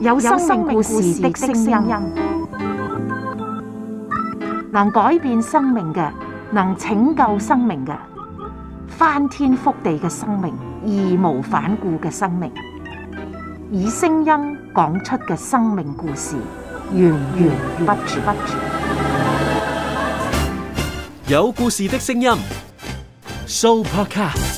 有生命故事的聲音，能改變生命嘅，能拯救生命嘅，翻天覆地嘅生命，義無反顧嘅生命，以聲音講出嘅生命故事，源源不絕。有故事的聲音，Soupercast。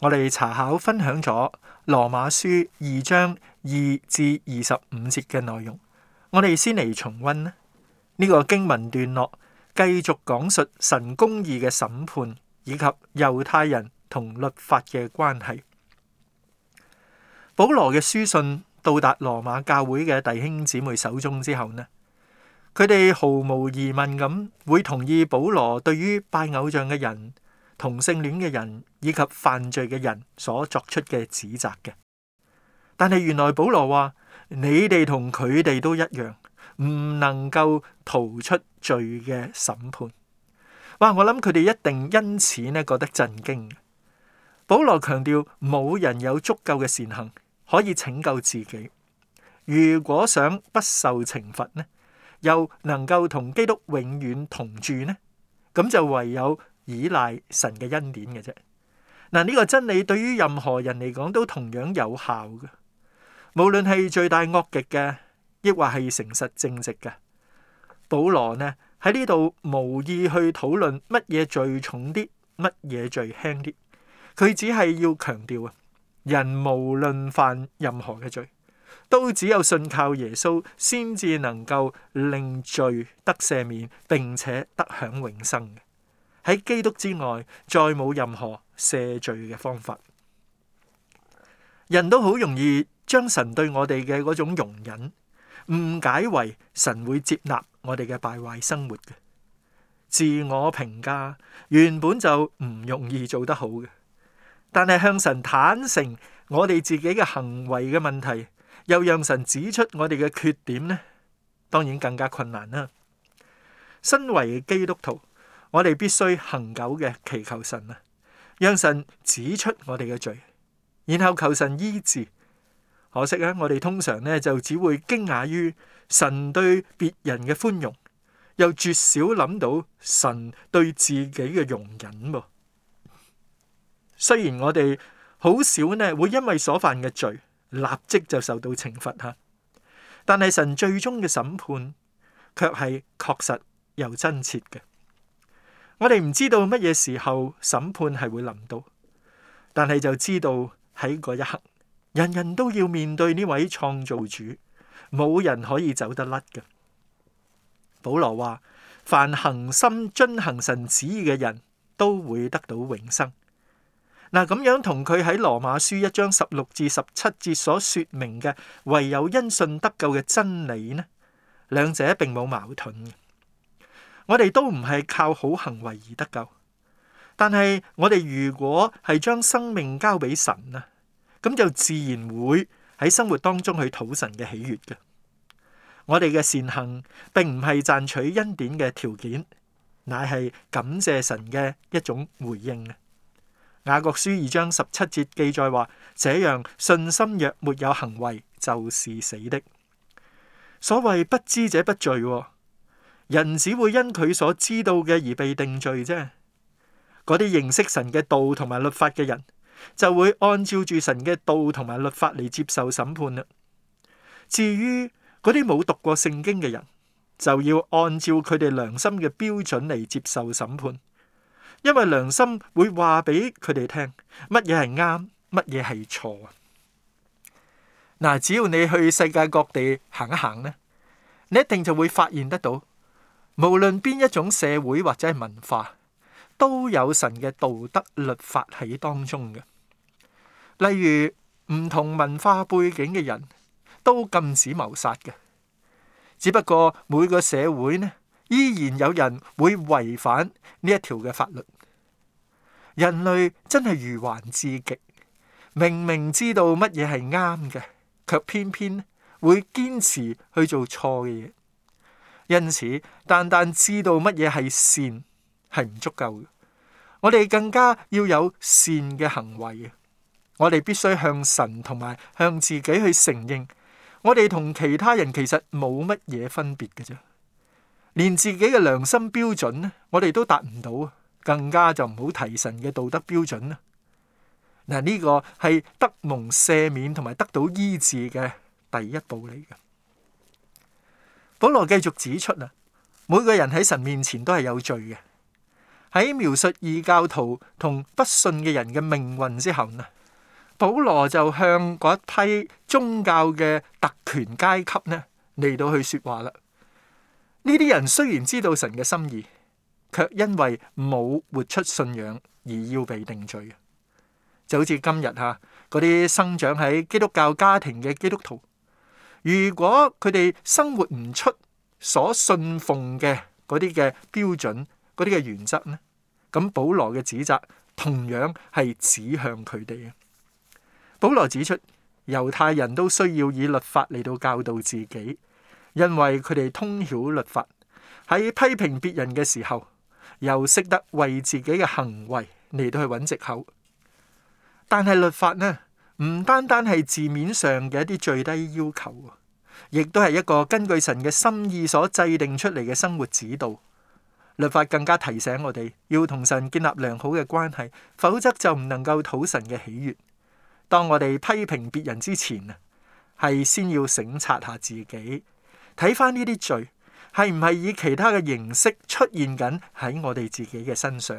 我哋查考分享咗《羅馬書》二章二至二十五節嘅內容，我哋先嚟重溫呢、呢個經文段落，繼續講述神公義嘅審判以及猶太人同律法嘅關係。保羅嘅書信到達羅馬教會嘅弟兄姊妹手中之後呢，佢哋毫無疑問咁會同意保羅對於拜偶像嘅人，同性戀嘅人以及犯罪嘅人所作出嘅指責嘅，但係原來保羅話：你哋同佢哋都一樣，唔能夠逃出罪嘅審判。哇！我諗佢哋一定因此呢覺得震驚。保羅強調，冇人有足夠嘅善行可以拯救自己。如果想不受懲罰呢，又能夠同基督永遠同住呢？咁就唯有。倚賴神嘅恩典嘅啫。嗱，呢個真理對於任何人嚟講都同樣有效嘅。無論係罪大惡極嘅，亦或係誠實正直嘅。保羅呢喺呢度無意去討論乜嘢罪重啲，乜嘢罪輕啲。佢只係要強調啊，人無論犯任何嘅罪，都只有信靠耶穌先至能夠令罪得赦免並且得享永生嘅。喺基督之外，再冇任何赦罪嘅方法。人都好容易將神對我哋嘅嗰種容忍誤解為神會接納我哋嘅敗壞生活嘅。自我評價原本就唔容易做得好嘅，但係向神坦誠我哋自己嘅行為嘅問題，又讓神指出我哋嘅缺點呢，當然更加困難啦。身為基督徒。我哋必須恒久嘅祈求神啊，讓神指出我哋嘅罪，然後求神醫治。可惜啊，我哋通常呢就只會驚訝於神對別人嘅寬容，又絕少諗到神對自己嘅容忍。雖然我哋好少呢會因為所犯嘅罪立即就受到懲罰吓，但係神最終嘅審判卻係確實又真切嘅。我哋唔知道乜嘢時候審判係會臨到，但係就知道喺嗰一刻，人人都要面對呢位創造主，冇人可以走得甩嘅。保羅話：凡恆心遵行神旨意嘅人都會得到永生。嗱，咁樣同佢喺羅馬書一章十六至十七節所說明嘅唯有因信得救嘅真理呢，兩者並冇矛盾。我哋都唔係靠好行為而得救，但係我哋如果係將生命交俾神啊，咁就自然會喺生活當中去討神嘅喜悅嘅。我哋嘅善行並唔係賺取恩典嘅條件，乃係感謝神嘅一種回應啊！雅各書二章十七節記載話：「這樣信心若沒有行為，就是死的。所謂不知者不罪，哦。人只會因佢所知道嘅而被定罪啫。嗰啲認識神嘅道同埋律法嘅人，就會按照住神嘅道同埋律法嚟接受審判啦。至於嗰啲冇讀過聖經嘅人，就要按照佢哋良心嘅標準嚟接受審判，因為良心會話俾佢哋聽乜嘢係啱，乜嘢係錯啊。嗱，只要你去世界各地行一行呢，你一定就會發現得到。無論邊一種社會或者係文化，都有神嘅道德律法喺當中嘅。例如唔同文化背景嘅人都禁止謀殺嘅，只不過每個社會呢，依然有人會違反呢一條嘅法律。人類真係愚頑至極，明明知道乜嘢係啱嘅，卻偏偏會堅持去做錯嘅嘢。因此，單單知道乜嘢係善係唔足夠嘅。我哋更加要有善嘅行為嘅。我哋必須向神同埋向自己去承認，我哋同其他人其實冇乜嘢分別嘅啫。連自己嘅良心標準呢，我哋都達唔到，更加就唔好提神嘅道德標準啦。嗱，呢個係得蒙赦免同埋得到醫治嘅第一步嚟嘅。保羅繼續指出啊，每個人喺神面前都係有罪嘅。喺描述異教徒同不信嘅人嘅命運之後呢，保羅就向嗰一批宗教嘅特權階級呢嚟到去說話啦。呢啲人雖然知道神嘅心意，卻因為冇活出信仰而要被定罪嘅，就好似今日吓嗰啲生長喺基督教家庭嘅基督徒。如果佢哋生活唔出所信奉嘅嗰啲嘅標準，嗰啲嘅原則呢，咁保羅嘅指責同樣係指向佢哋嘅。保羅指出，猶太人都需要以律法嚟到教導自己，因為佢哋通曉律法，喺批評別人嘅時候，又識得為自己嘅行為嚟到去揾借口。但係律法呢。唔單單係字面上嘅一啲最低要求，亦都係一個根據神嘅心意所制定出嚟嘅生活指導。律法更加提醒我哋要同神建立良好嘅關係，否則就唔能夠討神嘅喜悅。當我哋批評別人之前啊，係先要省察下自己，睇翻呢啲罪係唔係以其他嘅形式出現緊喺我哋自己嘅身上，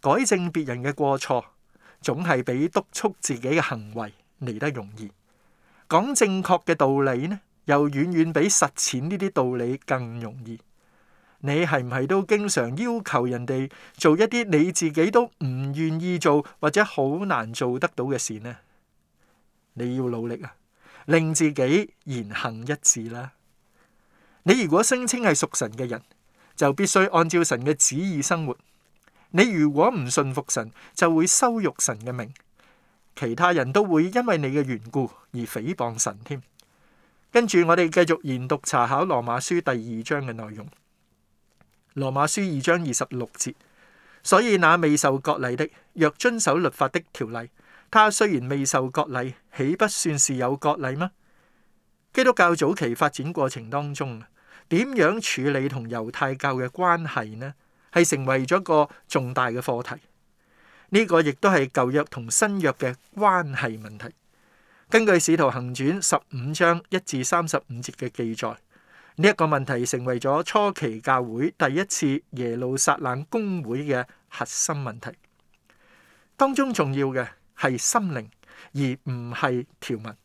改正別人嘅過錯。總係比督促自己嘅行為嚟得容易，講正確嘅道理呢，又遠遠比實踐呢啲道理更容易。你係唔係都經常要求人哋做一啲你自己都唔願意做或者好難做得到嘅事呢？你要努力啊，令自己言行一致啦。你如果聲稱係屬神嘅人，就必須按照神嘅旨意生活。你如果唔信服神，就會羞辱神嘅名，其他人都會因為你嘅緣故而誹謗神添。跟住我哋繼續研讀查考羅馬書第二章嘅內容。羅馬書二章二十六節，所以那未受割禮的，若遵守律法的條例，他雖然未受割禮，豈不算是有割禮嗎？基督教早期發展過程當中，點樣處理同猶太教嘅關係呢？係成為咗一個重大嘅課題。呢個亦都係舊約同新約嘅關係問題。根據《使徒行傳》十五章一至三十五節嘅記載，呢一個問題成為咗初期教會第一次耶路撒冷公會嘅核心問題。當中重要嘅係心靈，而唔係條文、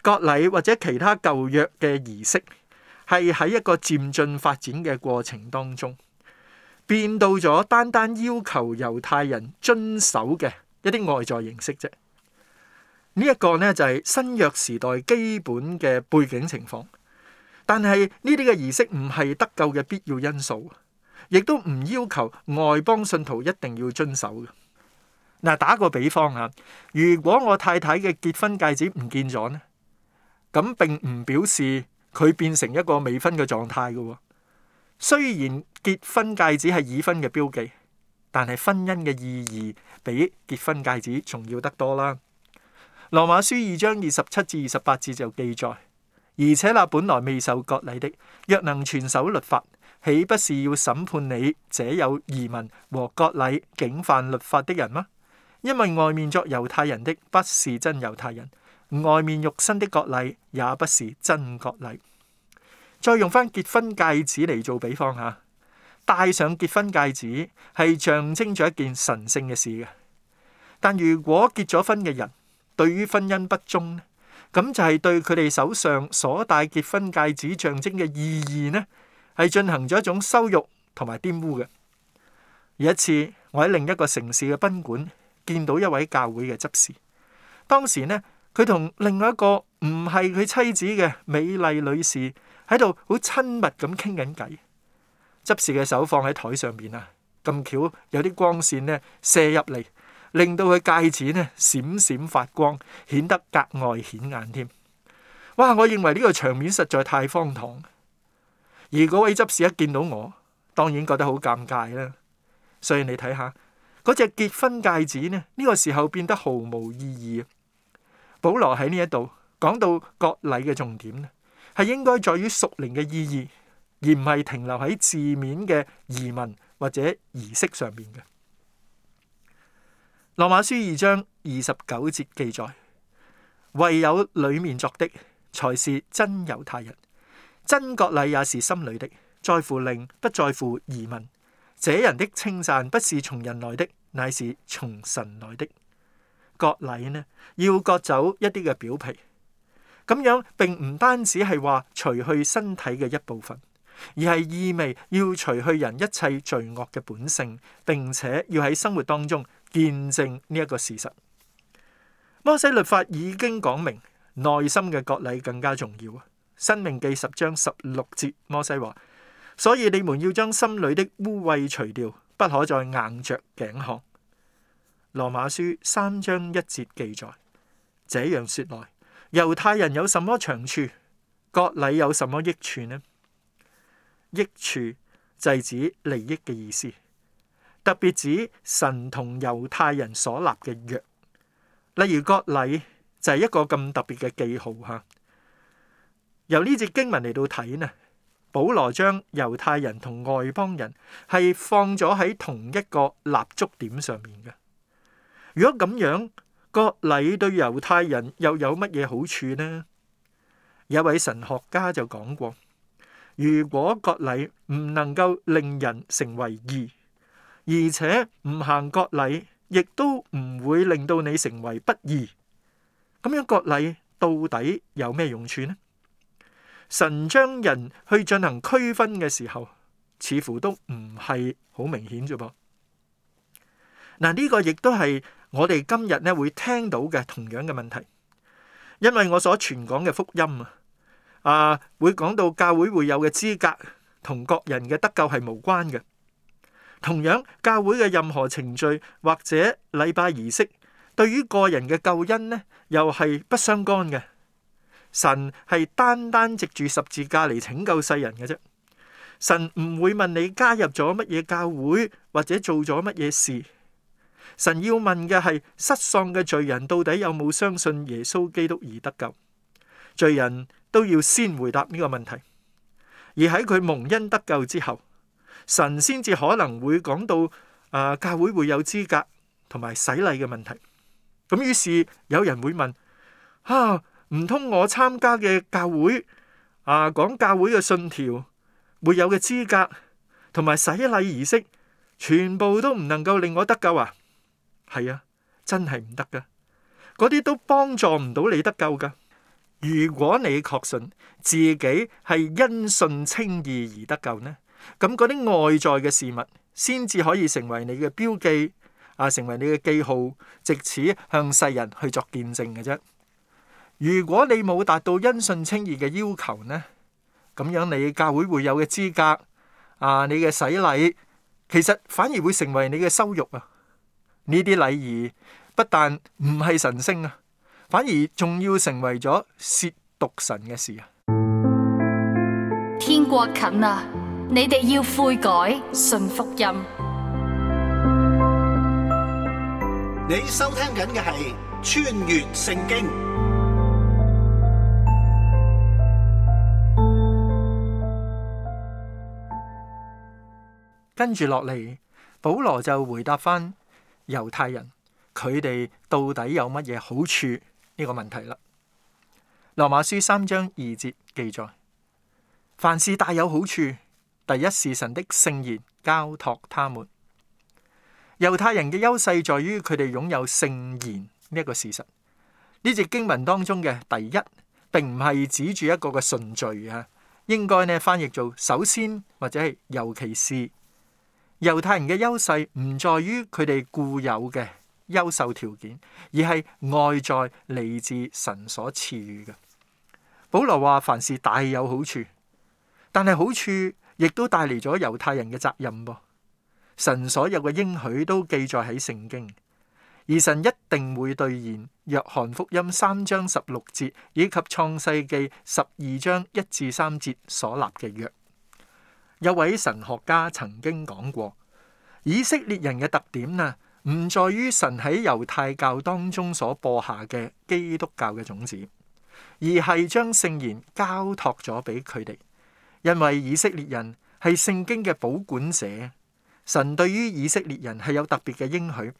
割禮或者其他舊約嘅儀式。係喺一個漸進發展嘅過程當中。變到咗單單要求猶太人遵守嘅一啲外在形式啫。這個、呢一個咧就係、是、新約時代基本嘅背景情況，但係呢啲嘅儀式唔係得救嘅必要因素，亦都唔要求外邦信徒一定要遵守嘅。嗱，打個比方啊，如果我太太嘅結婚戒指唔見咗呢，咁並唔表示佢變成一個未婚嘅狀態㗎喎。雖然結婚戒指係已婚嘅標記，但係婚姻嘅意義比結婚戒指重要得多啦。羅馬書二章二十七至二十八節就記載，而且那本來未受割禮的，若能全守律法，豈不是要審判你這有儀文和割禮竟犯律法的人嗎？因為外面作猶太人的不是真猶太人，外面肉身的割禮也不是真割禮。再用翻結婚戒指嚟做比方吓，戴上結婚戒指係象徵咗一件神聖嘅事嘅。但如果結咗婚嘅人對於婚姻不忠，咁就係對佢哋手上所戴結婚戒指象徵嘅意義呢，係進行咗一種羞辱同埋玷污嘅。有一次，我喺另一個城市嘅賓館見到一位教會嘅執事，當時呢，佢同另外一個唔係佢妻子嘅美麗女士。喺度好親密咁傾緊偈，執事嘅手放喺台上邊啊！咁巧有啲光線呢，射入嚟，令到佢戒指呢閃閃發光，顯得格外顯眼添。哇！我認為呢個場面實在太荒唐。而嗰位執事一見到我，當然覺得好尷尬啦。所以你睇下嗰隻結婚戒指呢，呢個時候變得毫無意義。保羅喺呢一度講到各禮嘅重點。係應該在於屬靈嘅意義，而唔係停留喺字面嘅移民或者儀式上面嘅。羅馬書二章二十九節記載：唯有裏面作的，才是真猶太人。真割禮也是心裏的，在乎令，不在乎移民。這人的稱讚不是從人來的，乃是從神來的。割禮呢，要割走一啲嘅表皮。咁樣並唔單止係話除去身體嘅一部分，而係意味要除去人一切罪惡嘅本性，並且要喺生活當中見證呢一個事實。摩西律法已經講明，內心嘅割禮更加重要。申命記十章十六節，摩西話：所以你們要將心裏的污穢除掉，不可再硬着頸項。羅馬書三章一節記載，這樣説來。猶太人有什麼長處？割禮有什麼益處呢？益處就係指利益嘅意思，特別指神同猶太人所立嘅約。例如割禮就係一個咁特別嘅記號吓。由呢隻經文嚟到睇呢，保羅將猶太人同外邦人係放咗喺同一個立足點上面嘅。如果咁樣，割禮對猶太人又有乜嘢好處呢？有位神學家就講過，如果割禮唔能夠令人成為義，而且唔行割禮亦都唔會令到你成為不義，咁樣割禮到底有咩用處呢？神將人去進行區分嘅時候，似乎都唔係好明顯啫噃。嗱，呢個亦都係。我哋今日咧會聽到嘅同樣嘅問題，因為我所傳講嘅福音啊，啊會講到教會會有嘅資格同各人嘅得救係無關嘅。同樣，教會嘅任何程序或者禮拜儀式，對於個人嘅救恩咧，又係不相干嘅。神係單單藉住十字架嚟拯救世人嘅啫。神唔會問你加入咗乜嘢教會或者做咗乜嘢事。神要問嘅係失喪嘅罪人到底有冇相信耶穌基督而得救？罪人都要先回答呢個問題，而喺佢蒙恩得救之後，神先至可能會講到誒、啊、教會會有資格同埋洗禮嘅問題。咁於是有人會問：啊，唔通我參加嘅教會啊，講教會嘅信條、會有嘅資格同埋洗禮儀式，全部都唔能夠令我得救啊？係啊，真係唔得噶，嗰啲都幫助唔到你得救噶。如果你確信自己係因信稱義而得救呢，咁嗰啲外在嘅事物先至可以成為你嘅標記啊、呃，成為你嘅記號，借此向世人去作見證嘅啫。如果你冇達到因信稱義嘅要求呢，咁樣你教會會有嘅資格啊、呃，你嘅洗禮其實反而會成為你嘅羞辱啊。呢啲禮儀不但唔係神聖啊，反而仲要成為咗褻瀆神嘅事啊！天國近啊，你哋要悔改信福音。你收聽緊嘅係《穿越聖經》。跟住落嚟，保羅就回答翻。猶太人佢哋到底有乜嘢好處呢個問題啦？《羅馬書》三章二節記載，凡事大有好處，第一是神的聖言交託他們。猶太人嘅優勢在於佢哋擁有聖言呢一個事實。呢節經文當中嘅第一，並唔係指住一個嘅順序啊，應該咧翻譯做首先或者係尤其是。猶太人嘅優勢唔在於佢哋固有嘅優秀條件，而係外在嚟自神所賜予嘅。保羅話：凡事大有好處，但係好處亦都帶嚟咗猶太人嘅責任噃。神所有嘅應許都記載喺聖經，而神一定會兌現《約翰福音》三章十六節以及《創世記》十二章一至三節所立嘅約。有位神學家曾經講過，以色列人嘅特點呢，唔在於神喺猶太教當中所播下嘅基督教嘅種子，而係將聖言交託咗俾佢哋。因為以色列人係聖經嘅保管者，神對於以色列人係有特別嘅應許，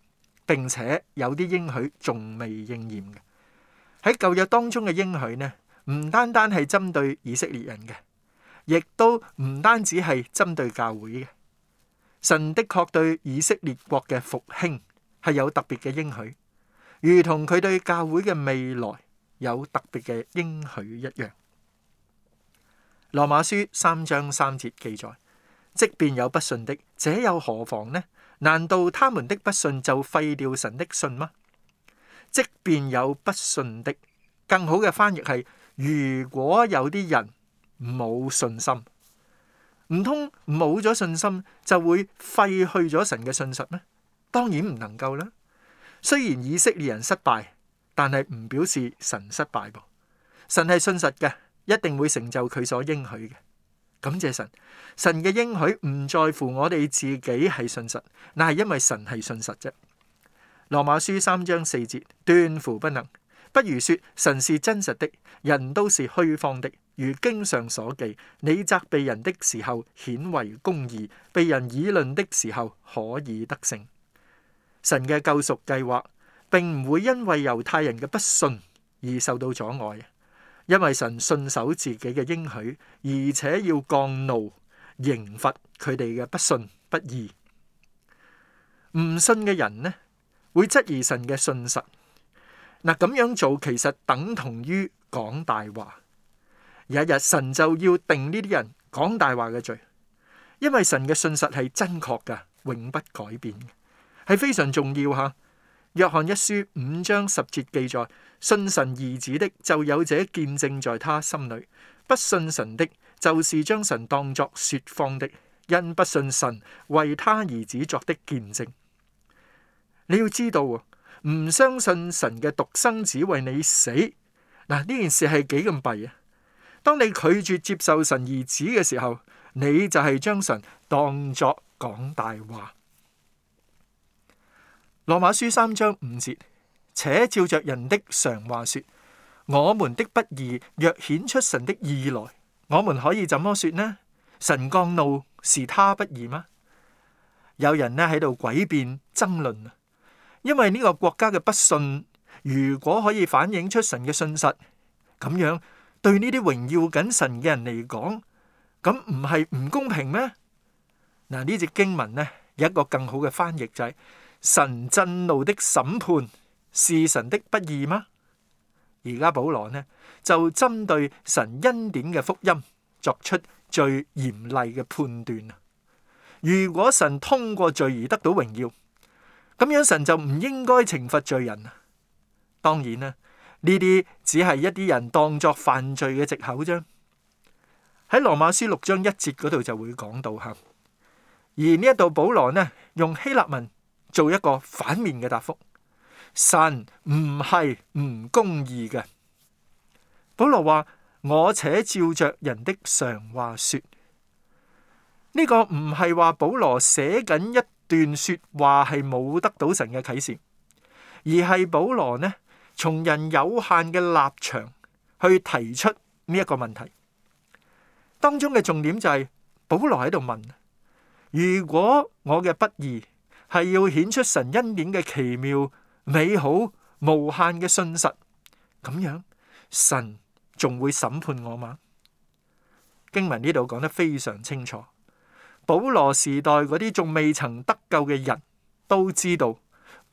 並且有啲應許仲未應驗嘅。喺舊約當中嘅應許呢，唔單單係針對以色列人嘅。亦都唔單止係針對教會嘅，神的確對以色列國嘅復興係有特別嘅應許，如同佢對教會嘅未來有特別嘅應許一樣。羅馬書三章三節記載：「即便有不信的，這又何妨呢？難道他們的不信就廢掉神的信嗎？」即便有不信的，更好嘅翻譯係：「如果有啲人冇信心，唔通冇咗信心就會廢去咗神嘅信實咩？當然唔能夠啦。雖然以色列人失敗，但係唔表示神失敗噃。神係信實嘅，一定會成就佢所應許嘅。感謝神，神嘅應許唔在乎我哋自己係信實，但係因為神係信實啫。羅馬書三章四節，斷乎不能。不如說神是真實的，人都是虛謊的。如經上所記，你責備人的時候顯為公義，被人議論的時候可以得勝。神嘅救贖計劃並唔會因為猶太人嘅不信而受到阻礙，因為神信守自己嘅應許，而且要降怒刑罰佢哋嘅不信不義。唔信嘅人呢，會質疑神嘅信實。嗱，咁樣做其實等同於講大話。有一日，日，神就要定呢啲人講大話嘅罪，因為神嘅信實係真確噶，永不改變嘅，係非常重要吓。約翰一書五章十節記載：信神兒子的就有這見證在他心裏；不信神的，就是將神當作說謊的，因不信神為他兒子作的見證。你要知道，唔相信神嘅獨生子為你死，嗱呢件事係幾咁弊啊！當你拒絕接受神兒子嘅時候，你就係將神當作講大話。羅馬書三章五節，且照着人的常話說，我們的不義若顯出神的義來，我們可以怎麼說呢？神降怒是他不義嗎？有人咧喺度詭辯爭論，因為呢個國家嘅不信，如果可以反映出神嘅信實，咁樣。對呢啲榮耀緊神嘅人嚟講，咁唔係唔公平咩？嗱，呢隻經文呢有一個更好嘅翻譯就係：神震怒的審判是神的不義嗎？而家保羅呢就針對神恩典嘅福音作出最嚴厲嘅判斷啊！如果神通過罪而得到榮耀，咁樣神就唔應該懲罰罪人啊！當然啦。呢啲只係一啲人當作犯罪嘅藉口啫。喺羅馬書六章一節嗰度就會講到吓，而呢一度保羅呢用希臘文做一個反面嘅答覆，神唔係唔公義嘅。保羅話：我且照着人的常話說，呢、這個唔係話保羅寫緊一段說話係冇得到神嘅啟示，而係保羅呢？從人有限嘅立場去提出呢一個問題，當中嘅重點就係、是、保羅喺度問：如果我嘅不義係要顯出神恩典嘅奇妙、美好、無限嘅信實，咁樣神仲會審判我嗎？經文呢度講得非常清楚，保羅時代嗰啲仲未曾得救嘅人都知道。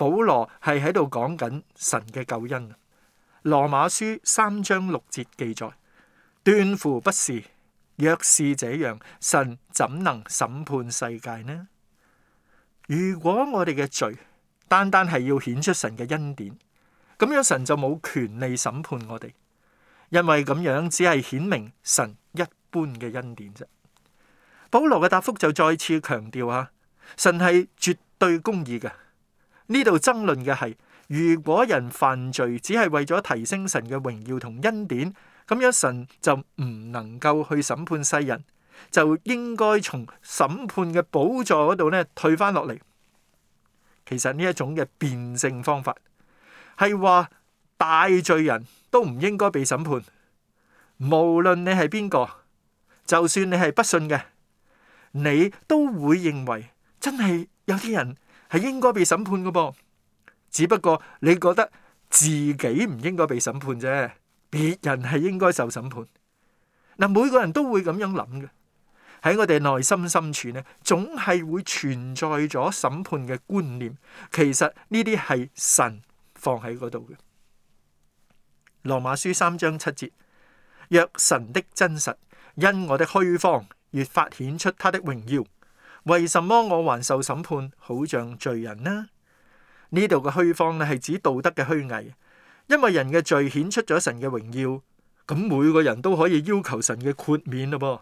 保羅係喺度講緊神嘅救恩。羅馬書三章六節記載：斷乎不是，若是這樣，神怎能審判世界呢？如果我哋嘅罪單單係要顯出神嘅恩典，咁樣神就冇權利審判我哋，因為咁樣只係顯明神一般嘅恩典啫。保羅嘅答覆就再次強調吓，神係絕對公義嘅。呢度爭論嘅係，如果人犯罪只係為咗提升神嘅榮耀同恩典，咁樣神就唔能夠去審判世人，就應該從審判嘅寶座嗰度咧退翻落嚟。其實呢一種嘅辯證方法係話，大罪人都唔應該被審判，無論你係邊個，就算你係不信嘅，你都會認為真係有啲人係應該被審判嘅噃，只不過你覺得自己唔應該被審判啫，別人係應該受審判。嗱，每個人都會咁樣諗嘅，喺我哋內心深處呢，總係會存在咗審判嘅觀念。其實呢啲係神放喺嗰度嘅。羅馬書三章七節：若神的真實因我的虛謊越發顯出他的榮耀。為什麼我還受審判，好像罪人呢？呢度嘅虛謊咧係指道德嘅虛偽，因為人嘅罪顯出咗神嘅榮耀，咁每個人都可以要求神嘅豁免咯噃。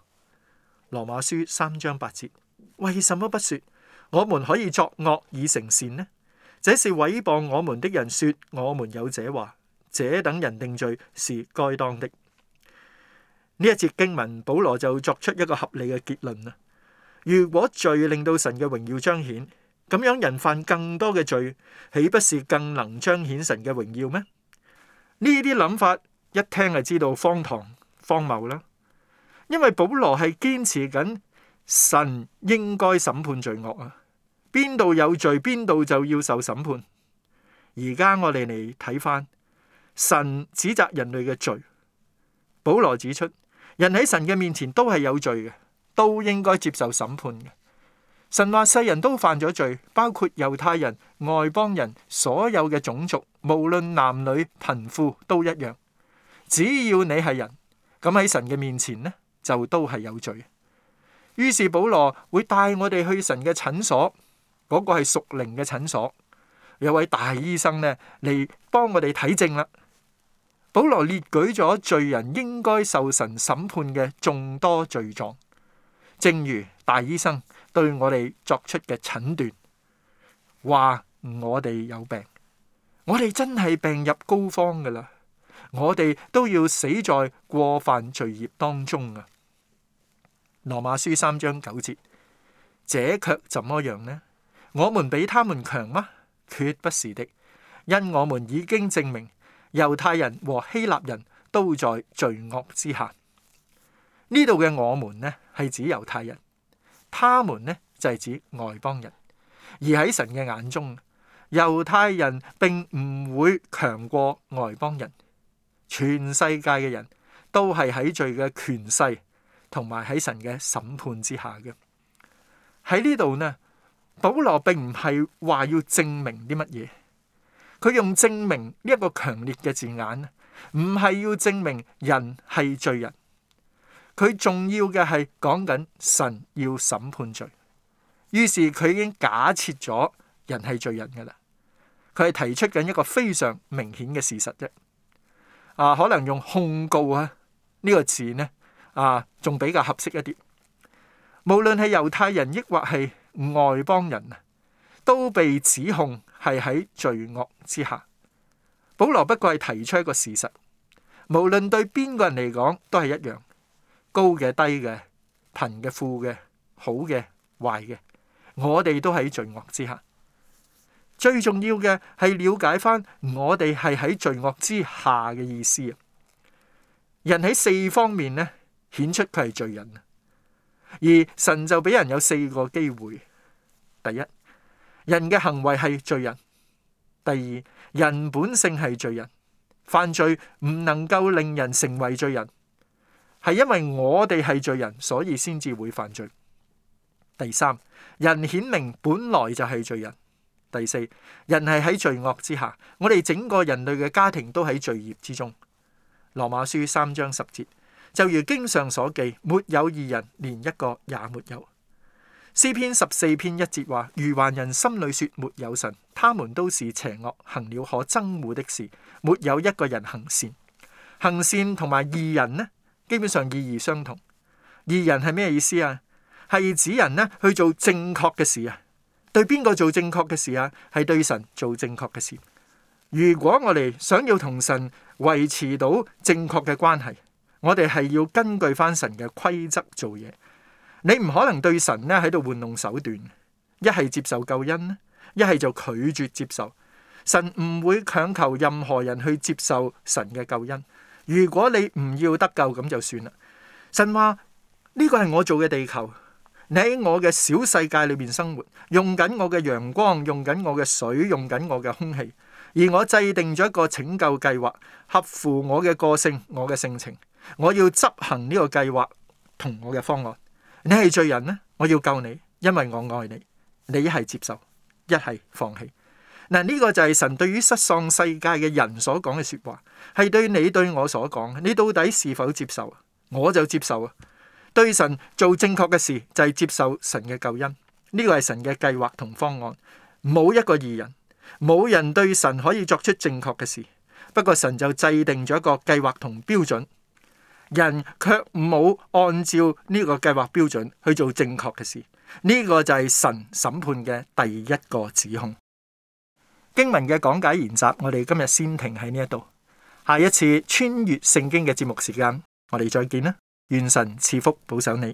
羅馬書三章八節，為什麼不說我們可以作惡以成善呢？這是誹謗我們的人說我們有這話，這等人定罪是該當的。呢一節經文，保羅就作出一個合理嘅結論啦。如果罪令到神嘅榮耀彰顯，咁樣人犯更多嘅罪，豈不是更能彰顯神嘅榮耀咩？呢啲諗法一聽就知道荒唐荒謬啦。因為保羅係堅持緊神應該審判罪惡啊，邊度有罪邊度就要受審判。而家我哋嚟睇翻神指責人類嘅罪，保羅指出人喺神嘅面前都係有罪嘅。都應該接受審判嘅。神話世人都犯咗罪，包括猶太人、外邦人，所有嘅種族，無論男女貧富都一樣。只要你係人，咁喺神嘅面前呢，就都係有罪。於是保羅會帶我哋去神嘅診所，嗰個係屬靈嘅診所，有位大醫生呢嚟幫我哋睇症啦。保羅列舉咗罪人應該受神審判嘅眾多罪狀。正如大醫生對我哋作出嘅診斷，話我哋有病，我哋真係病入膏肓㗎喇，我哋都要死在過犯罪孽當中啊！羅馬書三章九節，這卻怎麼樣呢？我們比他們強嗎？決不是的，因我們已經證明猶太人和希臘人都在罪惡之下。呢度嘅我們呢係指猶太人，他們呢就係指外邦人，而喺神嘅眼中，猶太人並唔會強過外邦人，全世界嘅人都係喺罪嘅權勢同埋喺神嘅審判之下嘅。喺呢度呢，保羅並唔係話要證明啲乜嘢，佢用證明呢一個強烈嘅字眼，唔係要證明人係罪人。佢重要嘅係講緊神要審判罪，於是佢已經假設咗人係罪人噶啦。佢係提出緊一個非常明顯嘅事實啫。啊，可能用控告啊呢個字呢，啊，仲比較合適一啲。無論係猶太人抑或係外邦人啊，都被指控係喺罪惡之下。保羅不過提出一個事實，無論對邊個人嚟講都係一樣。高嘅、低嘅、貧嘅、富嘅、好嘅、壞嘅，我哋都喺罪惡之下。最重要嘅係了解翻，我哋係喺罪惡之下嘅意思。人喺四方面咧，顯出佢係罪人。而神就俾人有四個機會。第一，人嘅行為係罪人；第二，人本性係罪人。犯罪唔能夠令人成為罪人。係因為我哋係罪人，所以先至會犯罪。第三，人顯明本來就係罪人。第四，人係喺罪惡之下，我哋整個人類嘅家庭都喺罪孽之中。羅馬書三章十節就如經上所記，沒有義人，連一個也沒有。詩篇十四篇一節話：愚頑人心裏說沒有神，他們都是邪惡，行了可憎惡的事，沒有一個人行善。行善同埋義人呢？基本上意義相同，義人係咩意思啊？係指人咧去做正確嘅事啊，對邊個做正確嘅事啊？係對神做正確嘅事。如果我哋想要同神維持到正確嘅關係，我哋係要根據返神嘅規則做嘢。你唔可能對神咧喺度玩弄手段，一係接受救恩，一係就拒絕接受。神唔會強求任何人去接受神嘅救恩。如果你唔要得救，咁就算啦。神話呢、呢個係我做嘅地球，你喺我嘅小世界裏面生活，用緊我嘅陽光，用緊我嘅水，用緊我嘅空氣，而我制定咗一個拯救計劃，合乎我嘅個性，我嘅性情，我要執行呢個計劃同我嘅方案。你係罪人咧，我要救你，因為我愛你。你係接受一係放棄。嗱，呢個就係神對於失喪世界嘅人所講嘅説話，係對你對我所講。你到底是否接受？啊？我就接受啊。對神做正確嘅事就係、是、接受神嘅救恩。呢、這個係神嘅計劃同方案，冇一個義人，冇人對神可以作出正確嘅事。不過神就制定咗一個計劃同標準，人卻冇按照呢個計劃標準去做正確嘅事。呢、這個就係神審判嘅第一個指控。經文嘅講解研習，我哋今日先停喺呢一度。下一次穿越聖經嘅節目時間，我哋再見啦！願神賜福保守你。